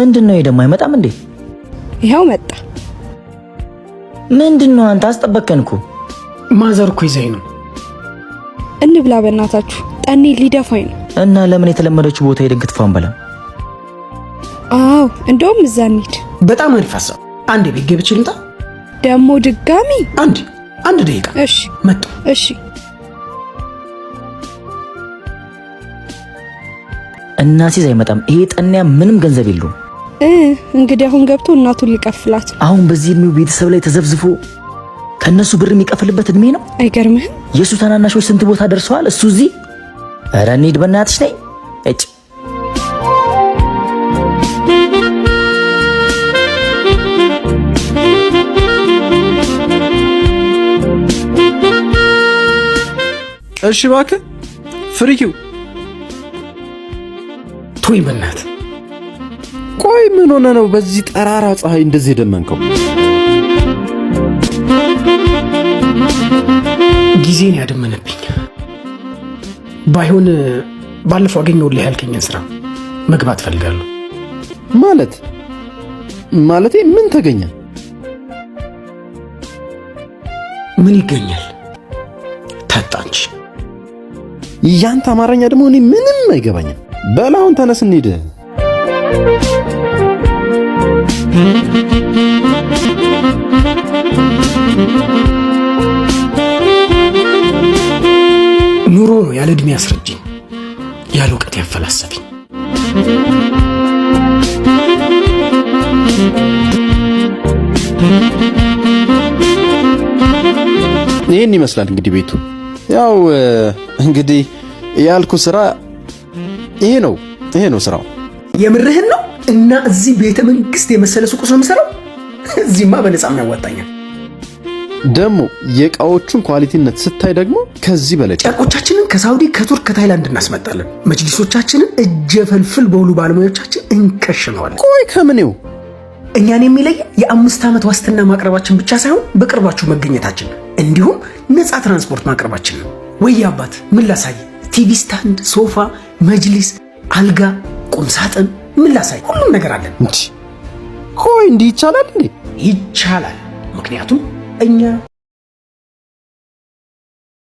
ምንድን ነው ደግሞ አይመጣም እንዴ? ይኸው መጣ። ምንድን ነው አንተ አስጠበቅከንኩ። ማዘርኩ ይዘኝ ነው። እንብላ በእናታችሁ፣ ጠኔ ሊደፋኝ ነው። እና ለምን የተለመደች ቦታ ሄደን ክትፎ አንበላም? አዎ እንደውም እዛ እንሂድ። በጣም አንፋሳ። አንዴ ቤት ገብቼ ልምጣ። ደግሞ ድጋሚ አንድ አንድ ደቂቃ። እሺ መጣሁ። እሺ እና ሲዝ አይመጣም። ይሄ ጠንያ ምንም ገንዘብ የለውም። እንግዲህ አሁን ገብቶ እናቱን ሊቀፍላት አሁን በዚህ እድሜው ቤተሰብ ላይ ተዘብዝፎ ከእነሱ ብር የሚቀፍልበት እድሜ ነው። አይገርምህም? የእሱ ተናናሾች ስንት ቦታ ደርሰዋል። እሱ እዚህ ኧረ እንሂድ በእናትሽ ነይ እጭ እሺ እባክህ ፍሪኪው ቶይ በእናትህ ቆይ ምን ሆነ ነው በዚህ ጠራራ ፀሐይ እንደዚህ የደመንከው? ጊዜን ያደመነብኝ ባይሆን ባለፈው አገኘሁልህ ያልከኝን ስራ መግባት ፈልጋለሁ። ማለት ማለቴ ምን ተገኘ? ምን ይገኛል? ተጣንች ያንተ አማርኛ ደግሞ እኔ ምንም አይገባኝም። በላሁን ተነስ እንሂድ። ኑሮ ነው ያለ እድሜ ያስረጅኝ፣ ያለ እውቀት ያፈላሰፈኝ። ይህን ይመስላል እንግዲህ ቤቱ። ያው እንግዲህ ያልኩ ስራ ይሄ ነው፣ ይሄ ነው ስራው። የምርህን ነው እና እዚህ ቤተ መንግስት የመሰለ ሱቁስ ውስጥ ነው የምሰራው። እዚህማ በነፃም ያዋጣኛል። ደግሞ የእቃዎቹን ኳሊቲነት ስታይ ደግሞ ከዚህ በላይ ጨርቆቻችንን ከሳውዲ ከቱርክ ከታይላንድ እናስመጣለን። መጅሊሶቻችንን እጀፈልፍል በሆኑ ባለሙያዎቻችን እንከሽነዋለን። ቆይ ከምኔው እኛን የሚለይ የአምስት ዓመት ዋስትና ማቅረባችን ብቻ ሳይሆን በቅርባችሁ መገኘታችን እንዲሁም ነፃ ትራንስፖርት ማቅረባችን ነው። ወይ አባት ምን ላሳይ? ቲቪ ስታንድ፣ ሶፋ፣ መጅሊስ፣ አልጋ ቁም ሳጥን፣ ምን ላሳይ? ሁሉም ነገር አለን። እንዲ ቆይ፣ እንዲህ ይቻላል እንዴ? ይቻላል። ምክንያቱም እኛ